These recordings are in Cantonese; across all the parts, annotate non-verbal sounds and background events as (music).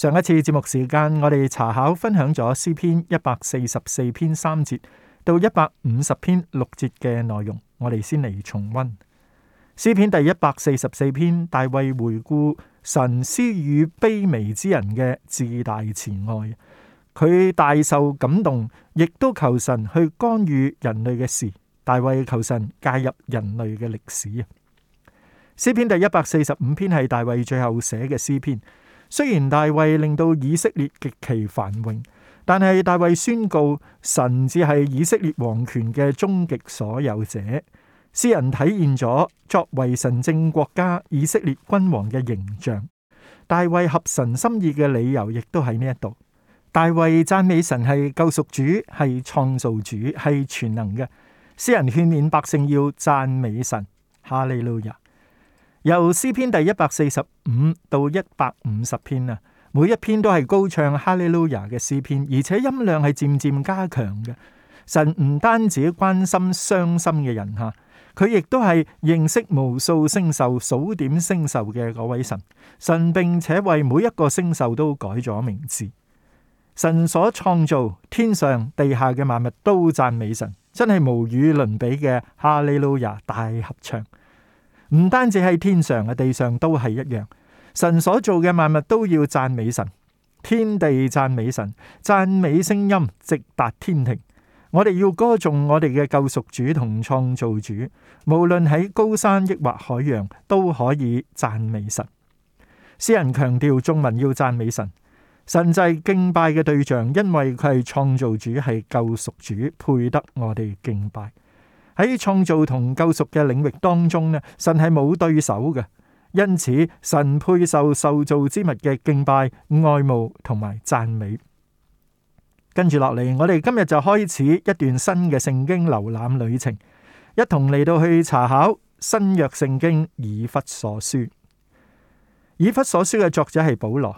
上一次節目時間，我哋查考分享咗詩篇一百四十四篇三節到一百五十篇六節嘅內容，我哋先嚟重溫詩篇第一百四十四篇，大衛回顧神施與卑微之人嘅至大慈愛，佢大受感動，亦都求神去干預人類嘅事。大衛求神介入人類嘅歷史啊！詩篇第一百四十五篇係大衛最後寫嘅詩篇。雖然大衛令到以色列極其繁榮，但係大衛宣告神至係以色列王權嘅終極所有者，詩人體現咗作為神政國家以色列君王嘅形象。大衛合神心意嘅理由亦都喺呢一度。大衛讚美神係救贖主，係創造主，係全能嘅。詩人勸勉百姓要讚美神。哈利路亞。由詩篇第一百四十五到一百五十篇啊，每一篇都係高唱哈利路亞嘅詩篇，而且音量係漸漸加強嘅。神唔單止關心傷心嘅人哈，佢亦都係認識無數星宿、數點星宿嘅嗰位神。神並且為每一個星宿都改咗名字。神所創造天上地下嘅萬物都讚美神，真係無與倫比嘅哈利路亞大合唱。唔單止喺天上，地上都係一樣，神所做嘅萬物，物都要讚美神，天地讚美神，讚美聲音直達天庭。我哋要歌頌我哋嘅救贖主同創造主，無論喺高山抑或海洋都可以讚美神。詩人強調眾民要讚美神，神就係敬拜嘅對象，因為佢係創造主係救贖主，配得我哋敬拜。喺創造同救贖嘅領域當中呢，神係冇對手嘅，因此神配受受造之物嘅敬拜、愛慕同埋讚美。跟住落嚟，我哋今日就開始一段新嘅聖經瀏覽旅程，一同嚟到去查考新約聖經以弗所書。以弗所書嘅作者係保羅，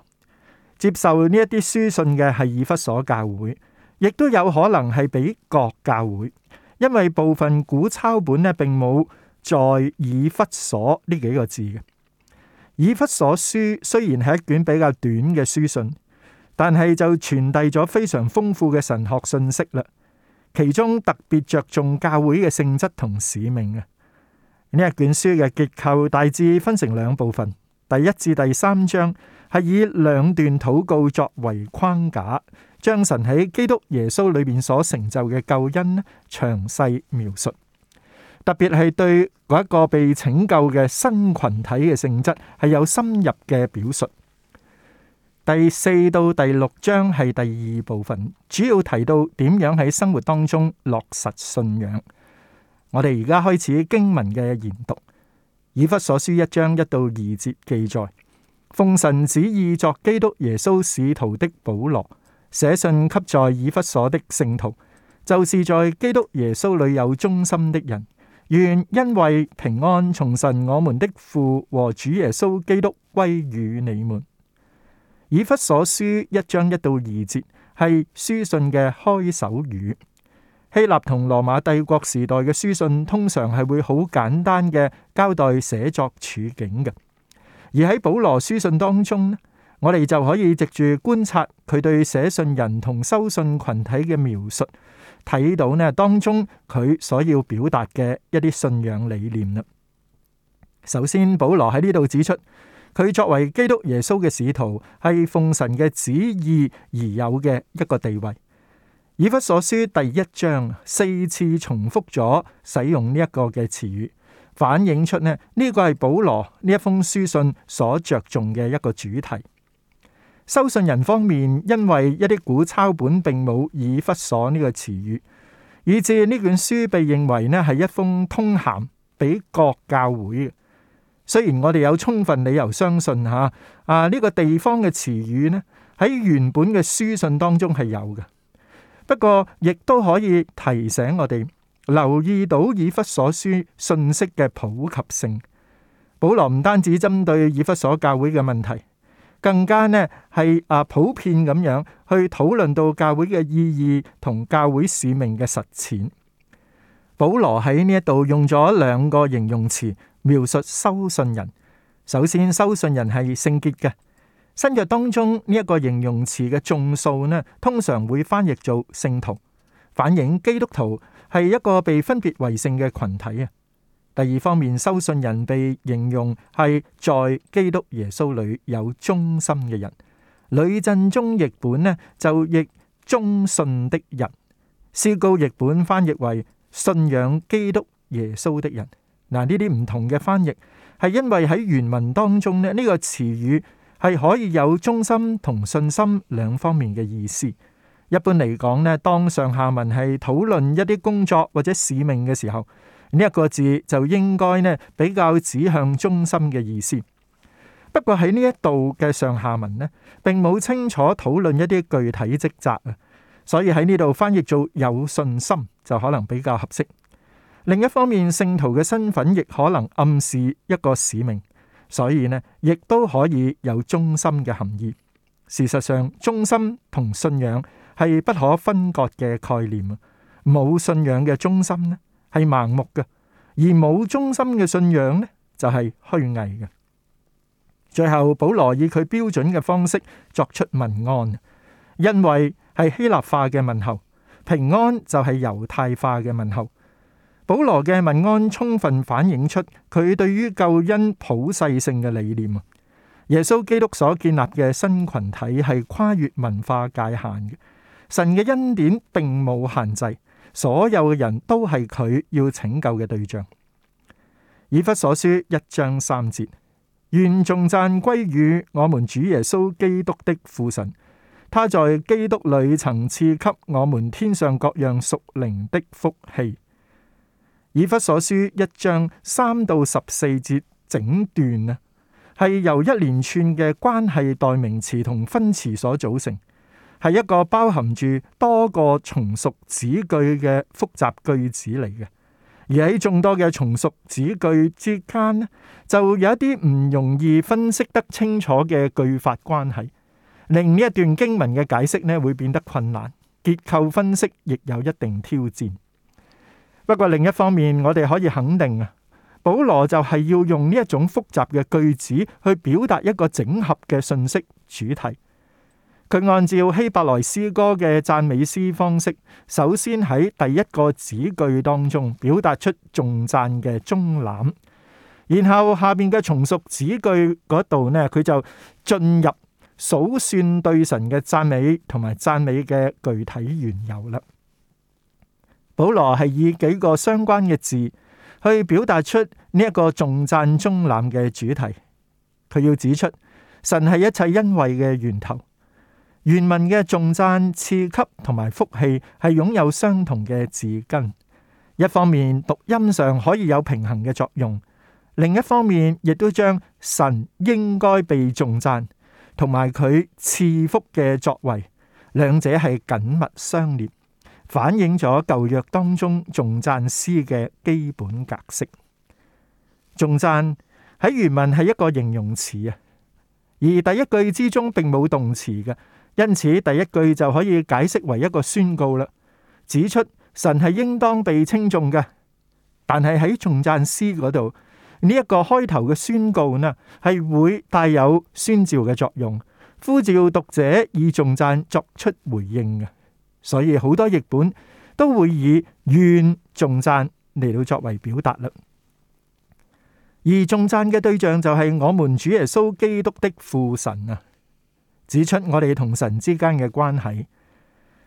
接受呢一啲書信嘅係以弗所教會，亦都有可能係俾各教會。因為部分古抄本咧，並冇在以弗所呢幾個字嘅。《以弗所書》，雖然係一卷比較短嘅書信，但係就傳遞咗非常豐富嘅神學信息啦。其中特別着重教會嘅性質同使命啊。呢一卷書嘅結構，大致分成兩部分，第一至第三章。係以兩段禱告作為框架，將神喺基督耶穌裏面所成就嘅救恩呢，詳細描述。特別係對嗰一個被拯救嘅新群體嘅性質，係有深入嘅表述。第四到第六章係第二部分，主要提到點樣喺生活當中落實信仰。我哋而家開始經文嘅研讀，以弗所書一章一到二節記載。奉神旨意作基督耶穌使徒的保羅，寫信給在以弗所的聖徒，就是在基督耶穌裏有忠心的人。願恩惠平安從神我們的父和主耶穌基督歸與你們。以弗所書一章一到二節係書信嘅開首語。希臘同羅馬帝國時代嘅書信通常係會好簡單嘅交代寫作處境嘅。而喺保羅書信當中咧，我哋就可以藉住觀察佢對寫信人同收信群體嘅描述，睇到咧當中佢所要表達嘅一啲信仰理念啦。首先，保羅喺呢度指出，佢作為基督耶穌嘅使徒，係奉神嘅旨意而有嘅一個地位。以弗所書第一章四次重複咗使用呢一個嘅詞語。反映出呢呢個係保羅呢一封書信所着重嘅一個主題。收信人方面，因為一啲古抄本並冇以弗所呢個詞語，以致呢卷書被認為呢係一封通函俾各教會。雖然我哋有充分理由相信吓啊呢個地方嘅詞語呢喺原本嘅書信當中係有嘅，不過亦都可以提醒我哋。留意到以弗所書信息嘅普及性，保羅唔單止針對以弗所教會嘅問題，更加呢係啊普遍咁樣去討論到教會嘅意義同教會使命嘅實踐。保羅喺呢一度用咗兩個形容詞描述收信人。首先，收信人係聖潔嘅。新約當中呢一個形容詞嘅眾數呢，通常會翻譯做聖徒，反映基督徒。係一個被分別為聖嘅群體啊！第二方面，收信人被形容係在基督耶穌裏有忠心嘅人。呂振中譯本呢就譯忠信的人，思高譯本翻譯為信仰基督耶穌的人。嗱，呢啲唔同嘅翻譯係因為喺原文當中呢呢、呢個詞語係可以有忠心同信心兩方面嘅意思。一般嚟講咧，當上下文係討論一啲工作或者使命嘅時候，呢一個字就應該咧比較指向忠心嘅意思。不過喺呢一度嘅上下文咧，並冇清楚討論一啲具體職責啊，所以喺呢度翻譯做有信心就可能比較合適。另一方面，聖徒嘅身份亦可能暗示一個使命，所以咧亦都可以有忠心嘅含義。事實上，忠心同信仰。係不可分割嘅概念啊！冇信仰嘅中心呢，係盲目嘅；而冇中心嘅信仰呢，就係虛偽嘅。最後，保羅以佢標準嘅方式作出問安，因為係希臘化嘅問候，平安就係猶太化嘅問候。保羅嘅問安充分反映出佢對於救恩普世性嘅理念啊！耶穌基督所建立嘅新群體係跨越文化界限嘅。神嘅恩典並冇限制，所有嘅人都係佢要拯救嘅對象。以弗所書一章三節，願頌讚歸於我們主耶穌基督的父神，他在基督裡曾賜給我們天上各樣屬靈的福氣。以弗所書一章三到十四節整段啊，係由一連串嘅關係代名詞同分詞所組成。係一個包含住多個從屬子句嘅複雜句子嚟嘅，而喺眾多嘅從屬子句之間呢，就有一啲唔容易分析得清楚嘅句法關係，令呢一段經文嘅解釋呢會變得困難，結構分析亦有一定挑戰。不過另一方面，我哋可以肯定啊，保羅就係要用呢一種複雜嘅句子去表達一個整合嘅信息主題。佢按照希伯來詩歌嘅讚美詩方式，首先喺第一個子句當中表達出頌讚嘅中覽，然後下邊嘅從屬子句嗰度呢，佢就進入數算對神嘅讚美同埋讚美嘅具體緣由啦。保羅係以幾個相關嘅字去表達出呢一個頌讚中覽嘅主題。佢要指出神係一切恩惠嘅源頭。原文嘅頌讚賜給同埋福氣係擁有相同嘅字根，一方面讀音上可以有平衡嘅作用，另一方面亦都將神應該被頌讚同埋佢賜福嘅作為，兩者係緊密相連，反映咗舊約當中頌讚詩嘅基本格式。頌讚喺原文係一個形容詞啊，而第一句之中並冇動詞嘅。因此，第一句就可以解釋為一個宣告啦，指出神係應當被稱頌嘅。但係喺頌讚詩嗰度，呢一個開頭嘅宣告呢，係會帶有宣召嘅作用，呼召讀者以頌讚作出回應嘅。所以好多譯本都會以願頌讚嚟到作為表達啦。而頌讚嘅對象就係我們主耶穌基督的父神啊。指出我哋同神之間嘅關係，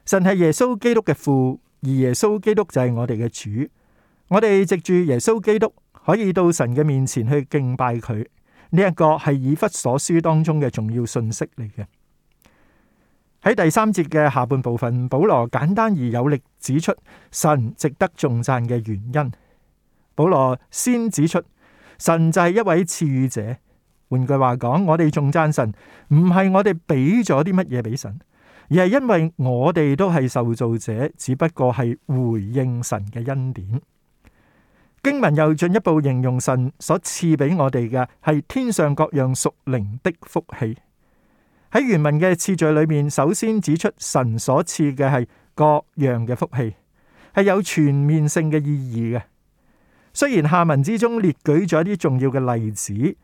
神係耶穌基督嘅父，而耶穌基督就係我哋嘅主。我哋藉住耶穌基督，可以到神嘅面前去敬拜佢。呢、這、一個係以弗所書當中嘅重要信息嚟嘅。喺第三節嘅下半部分，保羅簡單而有力指出神值得頌讚嘅原因。保羅先指出神就係一位賜予者。換句話講，我哋頌讚神，唔係我哋俾咗啲乜嘢俾神，而係因為我哋都係受造者，只不過係回應神嘅恩典。經文又進一步形容神所賜俾我哋嘅係天上各樣屬靈的福氣。喺原文嘅次序裏面，首先指出神所賜嘅係各樣嘅福氣，係有全面性嘅意義嘅。雖然下文之中列舉咗一啲重要嘅例子。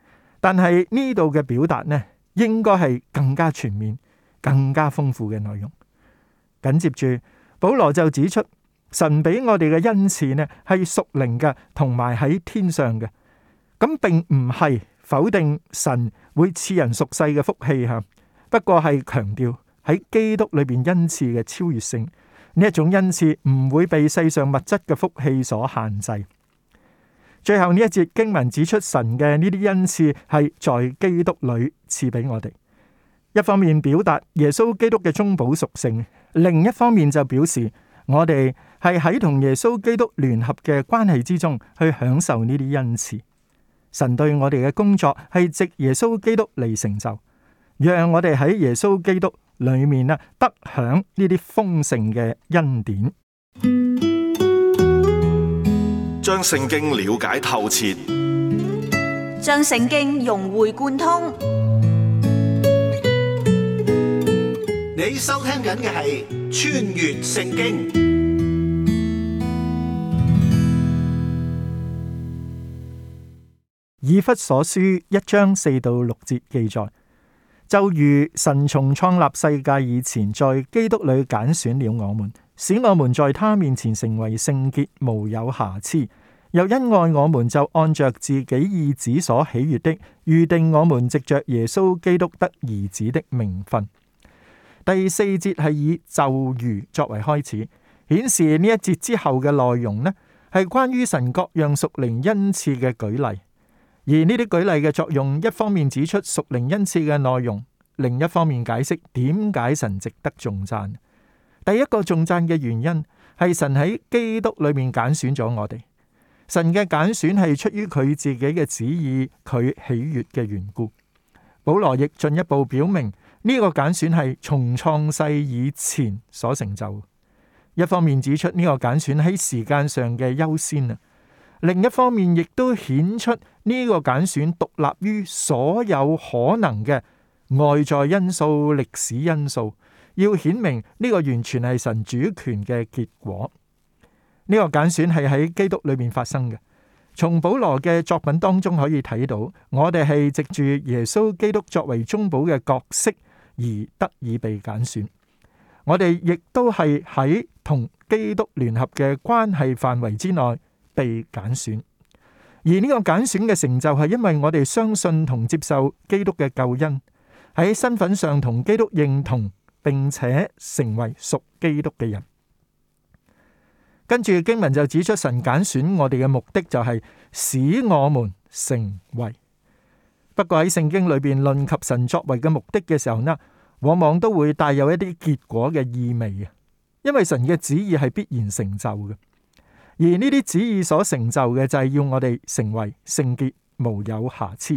但係呢度嘅表達呢，應該係更加全面、更加豐富嘅內容。緊接住，保羅就指出，神俾我哋嘅恩賜呢，係屬靈嘅，同埋喺天上嘅。咁並唔係否定神會賜人屬世嘅福氣吓，不過係強調喺基督裏邊恩賜嘅超越性。呢一種恩賜唔會被世上物質嘅福氣所限制。最後呢一節經文指出，神嘅呢啲恩賜係在基督裏賜俾我哋。一方面表達耶穌基督嘅中保屬性，另一方面就表示我哋係喺同耶穌基督聯合嘅關係之中去享受呢啲恩賜。神對我哋嘅工作係藉耶穌基督嚟成就，讓我哋喺耶穌基督裏面啊得享呢啲豐盛嘅恩典。將聖經了解透徹，嗯，將聖經融會貫通。 (noise) 你收聽緊嘅係《穿越聖經》。 (noise) 以弗所書一章四到六節記載，就如神從創立世界以前，在基督裏揀選了我們。使我們在他面前成為聖潔、無有瑕疵；又因愛我們，就按着自己意旨所喜悅的，預定我們藉着耶穌基督得兒子的名分。第四節係以就如作為開始，顯示呢一節之後嘅內容呢係關於神各樣屬靈恩賜嘅舉例。而呢啲舉例嘅作用，一方面指出屬靈恩賜嘅內容，另一方面解釋點解神值得頌讚。第一個重讚嘅原因係神喺基督裏面揀選咗我哋，神嘅揀選係出於佢自己嘅旨意，佢喜悅嘅緣故。保羅亦進一步表明呢個揀選係從創世以前所成就。一方面指出呢個揀選喺時間上嘅優先啊，另一方面亦都顯出呢個揀選獨立於所有可能嘅外在因素、歷史因素。要顯明呢個完全係神主權嘅結果。呢個揀選係喺基督裏面發生嘅。從保羅嘅作品當中可以睇到，我哋係藉住耶穌基督作為中保嘅角色而得以被揀選。我哋亦都係喺同基督聯合嘅關係範圍之內被揀選。而呢個揀選嘅成就係因為我哋相信同接受基督嘅救恩，喺身份上同基督認同。並且成為屬基督嘅人，跟住經文就指出神揀選我哋嘅目的就係使我們成為。不過喺聖經裏邊論及神作為嘅目的嘅時候呢，往往都會帶有一啲結果嘅意味啊，因為神嘅旨意係必然成就嘅，而呢啲旨意所成就嘅就係要我哋成為聖潔、無有瑕疵。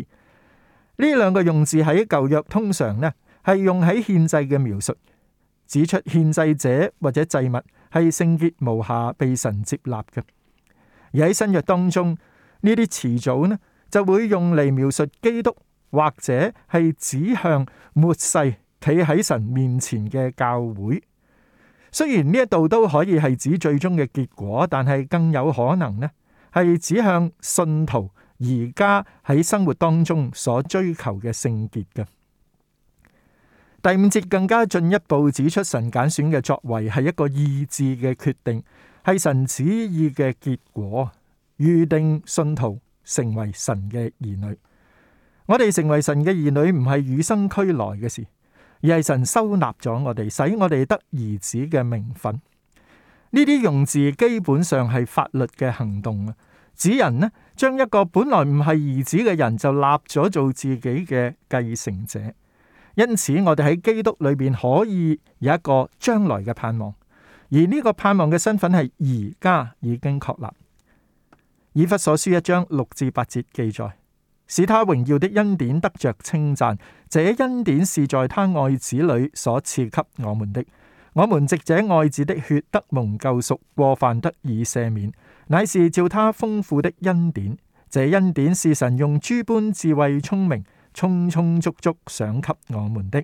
呢兩個用字喺舊約通常呢，係用喺獻祭嘅描述，指出獻祭者或者祭物係聖潔無瑕，被神接納嘅。而喺新約當中，呢啲詞組呢就會用嚟描述基督，或者係指向末世企喺神面前嘅教會。雖然呢一度都可以係指最終嘅結果，但係更有可能呢係指向信徒而家喺生活當中所追求嘅聖潔嘅。第五節更加進一步指出神揀選嘅作為係一個意志嘅決定，係神旨意嘅結果，預定信徒成為神嘅兒女。我哋成為神嘅兒女唔係與生俱來嘅事，而係神收納咗我哋，使我哋得兒子嘅名分。呢啲用字基本上係法律嘅行動啊，指人呢將一個本來唔係兒子嘅人就立咗做自己嘅繼承者。因此，我哋喺基督裏邊可以有一個將來嘅盼望，而呢個盼望嘅身份係而家已經確立。以弗所書一章六至八節記載：使他榮耀的恩典得着稱讚，這恩典是在他愛子裏所賜給我們的。我們藉這愛子的血得蒙救贖，過犯得以赦免，乃是照他豐富的恩典。這恩典是神用諸般智慧聰明。充充足足想給我們的。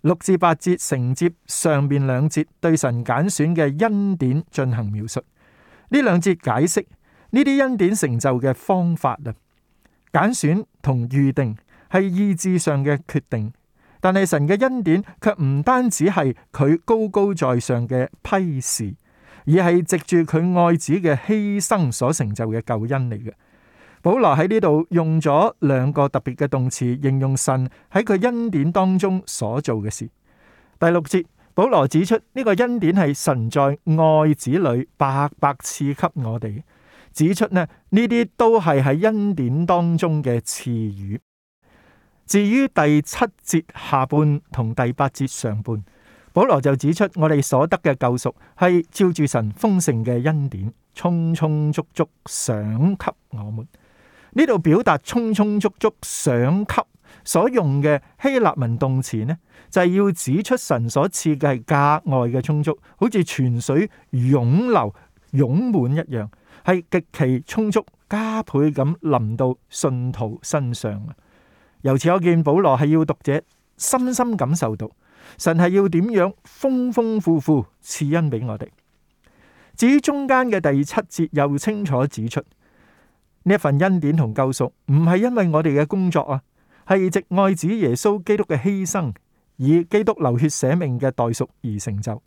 六至八節承接上面兩節對神揀選嘅恩典進行描述。呢兩節解釋呢啲恩典成就嘅方法啊，揀選同預定係意志上嘅決定，但係神嘅恩典卻唔單止係佢高高在上嘅批示，而係藉住佢愛子嘅犧牲所成就嘅救恩嚟嘅。保羅喺呢度用咗兩個特別嘅動詞，形容神喺佢恩典當中所做嘅事。第六節，保羅指出呢、這個恩典係神在愛子裡白白賜給我哋，指出呢呢啲都係喺恩典當中嘅賜予。至於第七節下半同第八節上半，保羅就指出我哋所得嘅救贖係照住神豐盛嘅恩典，充充足足賞給我們。呢度表達充充足足想給所用嘅希臘文動詞呢，就係要指出神所賜嘅係格外嘅充足，好似泉水湧流湧滿一樣，係極其充足加倍咁淋到信徒身上。由此我見保羅係要讀者深深感受到神係要點樣豐豐富富賜恩俾我哋。至於中間嘅第七節又清楚指出。呢一份恩典同救贖唔係因為我哋嘅工作啊，係藉愛子耶穌基督嘅犧牲，以基督流血捨命嘅代贖而成就。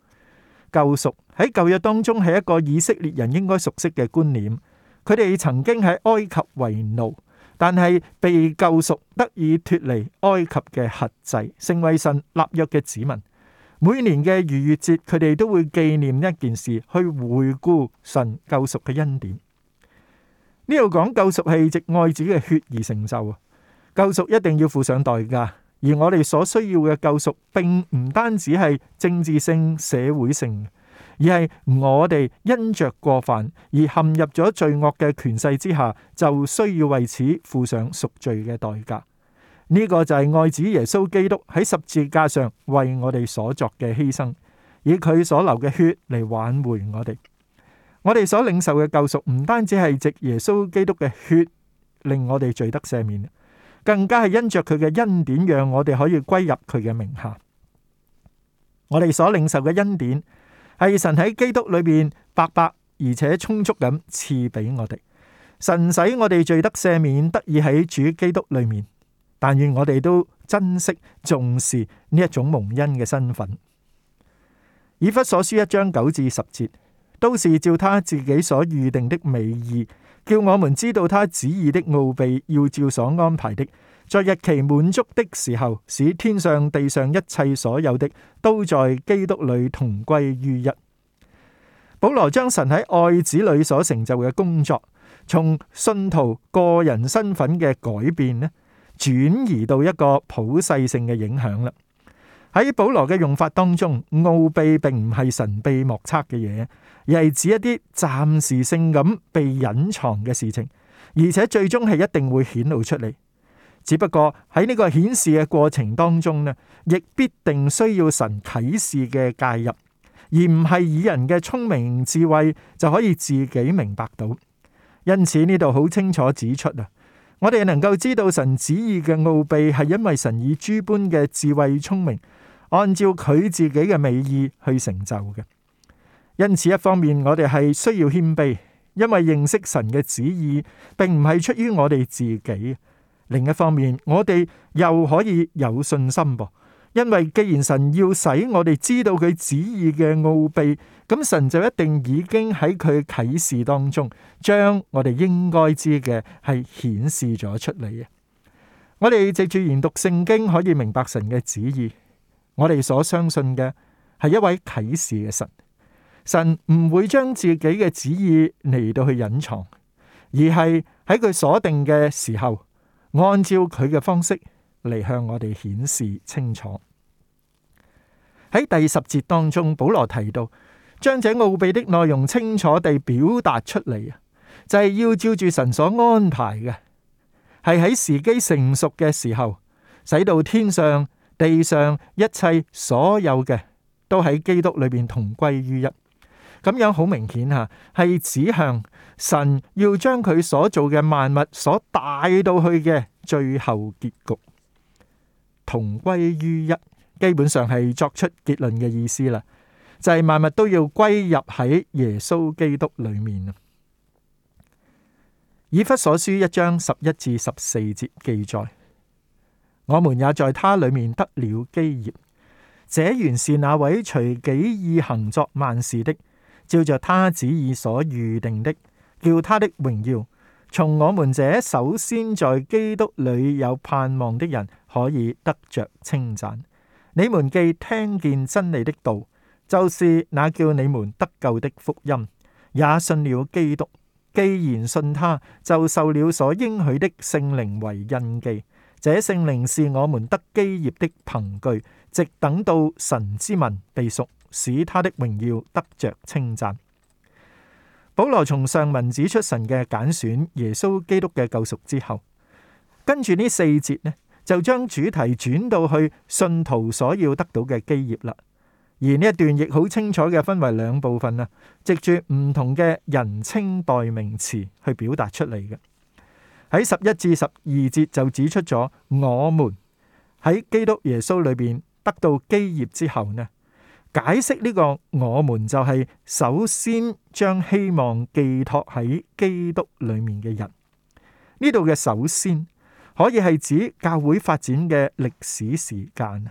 救贖喺舊約當中係一個以色列人應該熟悉嘅觀念，佢哋曾經喺埃及為奴，但係被救贖得以脫離埃及嘅轄制，成為神立約嘅子民。每年嘅逾越節，佢哋都會紀念一件事，去回顧神救贖嘅恩典。呢度講救贖係藉愛子嘅血而成就啊！救贖一定要付上代價，而我哋所需要嘅救贖，並唔單止係政治性、社會性，而係我哋因着過犯而陷入咗罪惡嘅權勢之下，就需要為此付上贖罪嘅代價。呢個就係愛子耶穌基督喺十字架上為我哋所作嘅犧牲，以佢所流嘅血嚟挽回我哋。我哋所領受嘅救贖唔單止係藉耶穌基督嘅血令我哋罪得赦免，更加係因着佢嘅恩典，讓我哋可以歸入佢嘅名下。我哋所領受嘅恩典係神喺基督裏邊白白而且充足咁賜俾我哋。神使我哋罪得赦免，得以喺主基督裏面。但願我哋都珍惜重視呢一種蒙恩嘅身份。以弗所書一章九至十節。都是照他自己所預定的美意，叫我們知道他旨意的奧秘，要照所安排的在日期滿足的時候，使天上地上一切所有的都在基督裏同歸於一。保羅將神喺愛子裏所成就嘅工作，從信徒個人身份嘅改變呢，轉移到一個普世性嘅影響啦。喺保羅嘅用法當中，奧秘並唔係神秘莫測嘅嘢。亦係指一啲暫時性咁被隱藏嘅事情，而且最終係一定會顯露出嚟。只不過喺呢個顯示嘅過程當中呢，亦必定需要神啟示嘅介入，而唔係以人嘅聰明智慧就可以自己明白到。因此呢度好清楚指出啊，我哋能夠知道神旨意嘅奧秘，係因為神以諸般嘅智慧聰明，按照佢自己嘅美意去成就嘅。因此，一方面我哋係需要謙卑，因為認識神嘅旨意，並唔係出於我哋自己；另一方面，我哋又可以有信心噃，因為既然神要使我哋知道佢旨意嘅奧秘，咁神就一定已經喺佢啟示當中，將我哋應該知嘅係顯示咗出嚟嘅。我哋藉住研讀聖經，可以明白神嘅旨意。我哋所相信嘅係一位啟示嘅神。神唔會將自己嘅旨意嚟到去隱藏，而係喺佢鎖定嘅時候，按照佢嘅方式嚟向我哋顯示清楚。喺第十節當中，保羅提到將這奧秘的內容清楚地表達出嚟，就係要照住神所安排嘅，係喺時機成熟嘅時候，使到天上、地上一切所有嘅都喺基督裏邊同歸於一。咁樣好明顯吓，係指向神要將佢所做嘅萬物所帶到去嘅最後結局，同歸於一，基本上係作出結論嘅意思啦。就係萬物都要歸入喺耶穌基督裏面啊。以弗所書一章十一至十四節記載，我們也在他裏面得了基業，這原是那位隨己意行作萬事的。照着他旨意所預定的，叫他的榮耀從我們這首先在基督裏有盼望的人可以得着稱讚。你們既聽見真理的道，就是那叫你們得救的福音，也信了基督。既然信他，就受了所應許的聖靈為印記。這聖靈是我們得基業的憑據，直等到神之民被贖。使他的榮耀得着稱讚。保羅從上文指出神嘅揀選、耶穌基督嘅救贖之後，跟住呢四節呢，就將主題轉到去信徒所要得到嘅基業啦。而呢一段亦好清楚嘅，分為兩部分啊，藉住唔同嘅人稱代名詞去表達出嚟嘅。喺十一至十二節就指出咗，我們喺基督耶穌裏邊得到基業之後呢，解釋呢個，我們就係首先將希望寄託喺基督裏面嘅人。呢度嘅首先可以係指教會發展嘅歷史時間。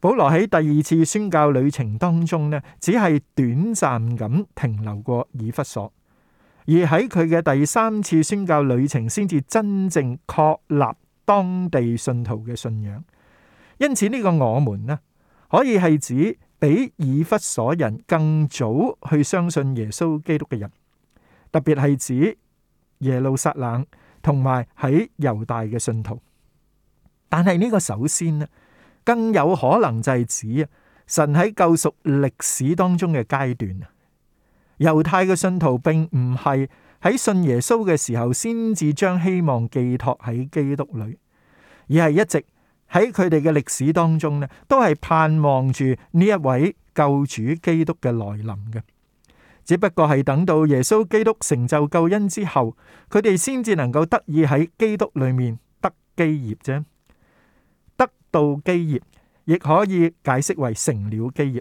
保羅喺第二次宣教旅程當中呢，只係短暫咁停留過以弗所，而喺佢嘅第三次宣教旅程先至真正確立當地信徒嘅信仰。因此呢個我們呢可以係指。比以弗所人更早去相信耶穌基督嘅人，特別係指耶路撒冷同埋喺猶大嘅信徒。但係呢個首先呢，更有可能就係指啊，神喺救贖歷史當中嘅階段啊，猶太嘅信徒並唔係喺信耶穌嘅時候先至將希望寄託喺基督裏，而係一直。喺佢哋嘅歷史當中咧，都係盼望住呢一位救主基督嘅來臨嘅。只不過係等到耶穌基督成就救恩之後，佢哋先至能夠得以喺基督裏面得基業啫。得到基業，亦可以解釋為成了基業，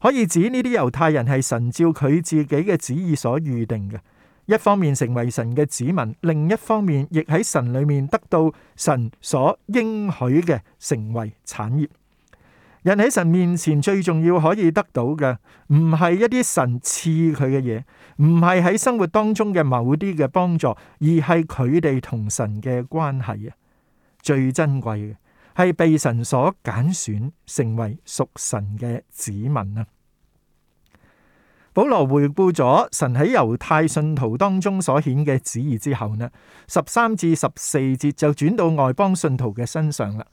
可以指呢啲猶太人係神照佢自己嘅旨意所預定嘅。一方面成為神嘅子民，另一方面亦喺神裏面得到神所應許嘅成為產業。人喺神面前最重要可以得到嘅，唔係一啲神賜佢嘅嘢，唔係喺生活當中嘅某啲嘅幫助，而係佢哋同神嘅關係啊，最珍貴嘅係被神所揀選成為屬神嘅子民啊！保羅回顧咗神喺猶太信徒當中所顯嘅旨意之後呢，十三至十四節就轉到外邦信徒嘅身上啦。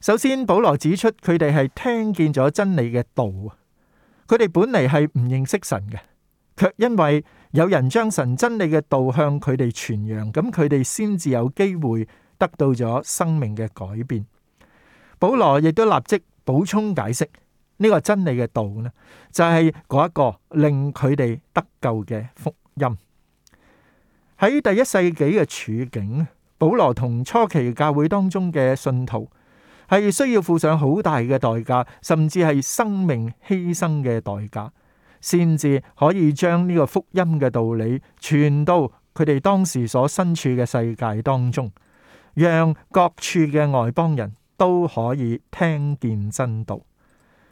首先，保羅指出佢哋係聽見咗真理嘅道啊，佢哋本嚟係唔認識神嘅，卻因為有人將神真理嘅道向佢哋傳揚，咁佢哋先至有機會得到咗生命嘅改變。保羅亦都立即補充解釋。呢個真理嘅道呢，就係嗰一個令佢哋得救嘅福音。喺第一世紀嘅處境，保羅同初期教會當中嘅信徒係需要付上好大嘅代價，甚至係生命犧牲嘅代價，先至可以將呢個福音嘅道理傳到佢哋當時所身處嘅世界當中，讓各處嘅外邦人都可以聽見真道。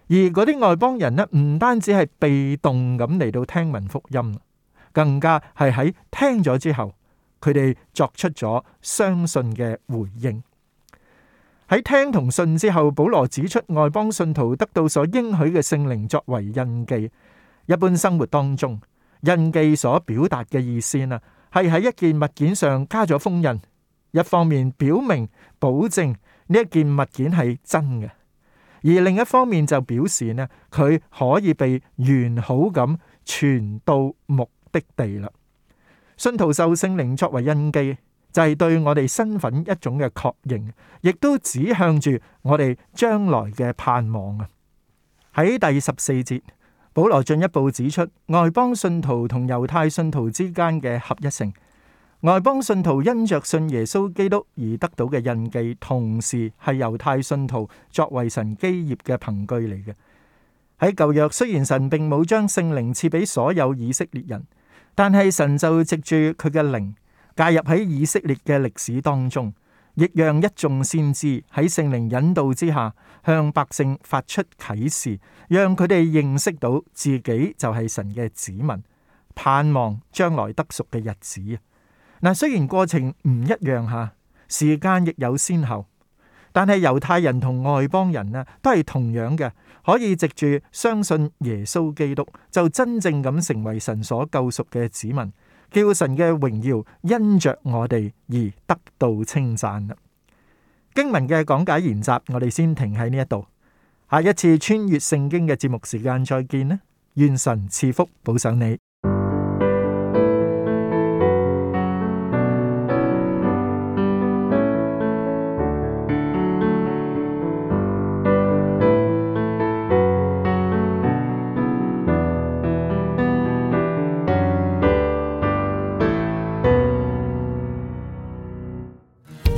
而嗰啲外邦人呢，唔單止係被動咁嚟到聽聞福音，更加係喺聽咗之後，佢哋作出咗相信嘅回應。喺聽同信之後，保羅指出外邦信徒得到所應許嘅聖靈作為印記。一般生活當中，印記所表達嘅意思啊，係喺一件物件上加咗封印，一方面表明保證呢一件物件係真嘅。而另一方面就表示呢，佢可以被完好咁傳到目的地啦。信徒受聖靈作為恩基，就係對我哋身份一種嘅確認，亦都指向住我哋將來嘅盼望啊！喺第十四節，保羅進一步指出外邦信徒同猶太信徒之間嘅合一性。外邦信徒因着信耶穌基督而得到嘅印記，同時係猶太信徒作為神基業嘅憑據嚟嘅。喺舊約，雖然神並冇將聖靈賜俾所有以色列人，但係神就藉住佢嘅靈介入喺以色列嘅歷史當中，亦讓一眾先知喺聖靈引導之下向百姓發出啟示，讓佢哋認識到自己就係神嘅子民，盼望將來得贖嘅日子。嗱，雖然過程唔一樣吓，時間亦有先後，但係猶太人同外邦人呢，都係同樣嘅，可以藉住相信耶穌基督，就真正咁成為神所救贖嘅子民，叫神嘅榮耀因着我哋而得到稱讚啦。經文嘅講解研習，我哋先停喺呢一度，下一次穿越聖經嘅節目時間再見啦，願神賜福保守你。